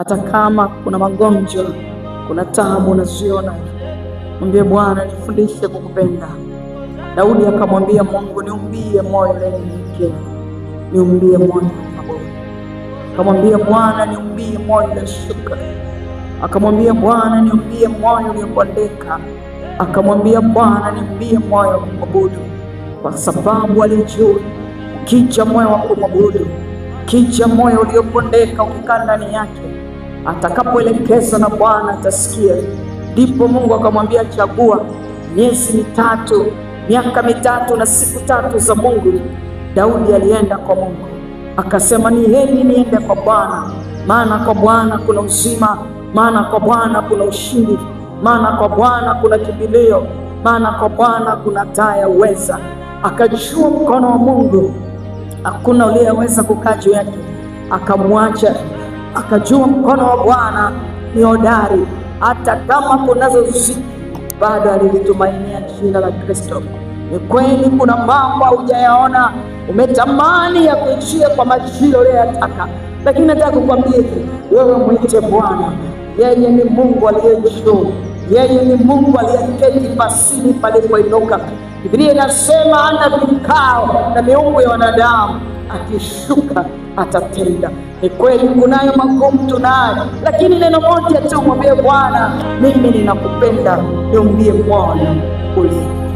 hata kama kuna magonjwa, kuna taabu unaziona, mwambie Bwana, nifundishe kukupenda. Daudi akamwambia Mungu, niumbie moyo uliyenyenyekea, niumbie moyo Akamwambia Bwana, niumbie moyo wa shukrani. Akamwambia Bwana, niumbie moyo uliopondeka. Akamwambia Bwana, niumbie moyo wa kumwabudu, kwa sababu alijua kicha moyo wa kumwabudu, kicha moyo uliopondeka, ukikaa ndani yake atakapoelekeza na Bwana atasikia. Ndipo Mungu akamwambia, chagua miezi mitatu, miaka mitatu na siku tatu za Mungu. Daudi alienda kwa Mungu akasema, ni heri niende kwa Bwana, maana kwa Bwana kuna uzima, maana kwa Bwana kuna ushindi, maana kwa Bwana kuna kimbilio, maana kwa Bwana kuna taa ya uweza. Akajua mkono wa Mungu hakuna uliyeweza kukaa juu yake, akamwacha akajua mkono wa Bwana ni hodari, hata kama kunazo ziki, bado alilitumainia jina la Kristo. Ni kweli kuna mambo hujayaona, umetamani ya kuishia kwa majira uliyoyataka, lakini nataka kukwambia hivi, wewe mwite Bwana. Yeye ni Mungu aliye juu, yeye ni Mungu aliyeketi pasini palipoinuka. Biblia inasema ana vikao na miungu ya wanadamu akishuka atatenda. Ni kweli kunayo magumu tunayo, lakini neno moja tu, mwambie Bwana, mimi ninakupenda, niumbie Bwana kulia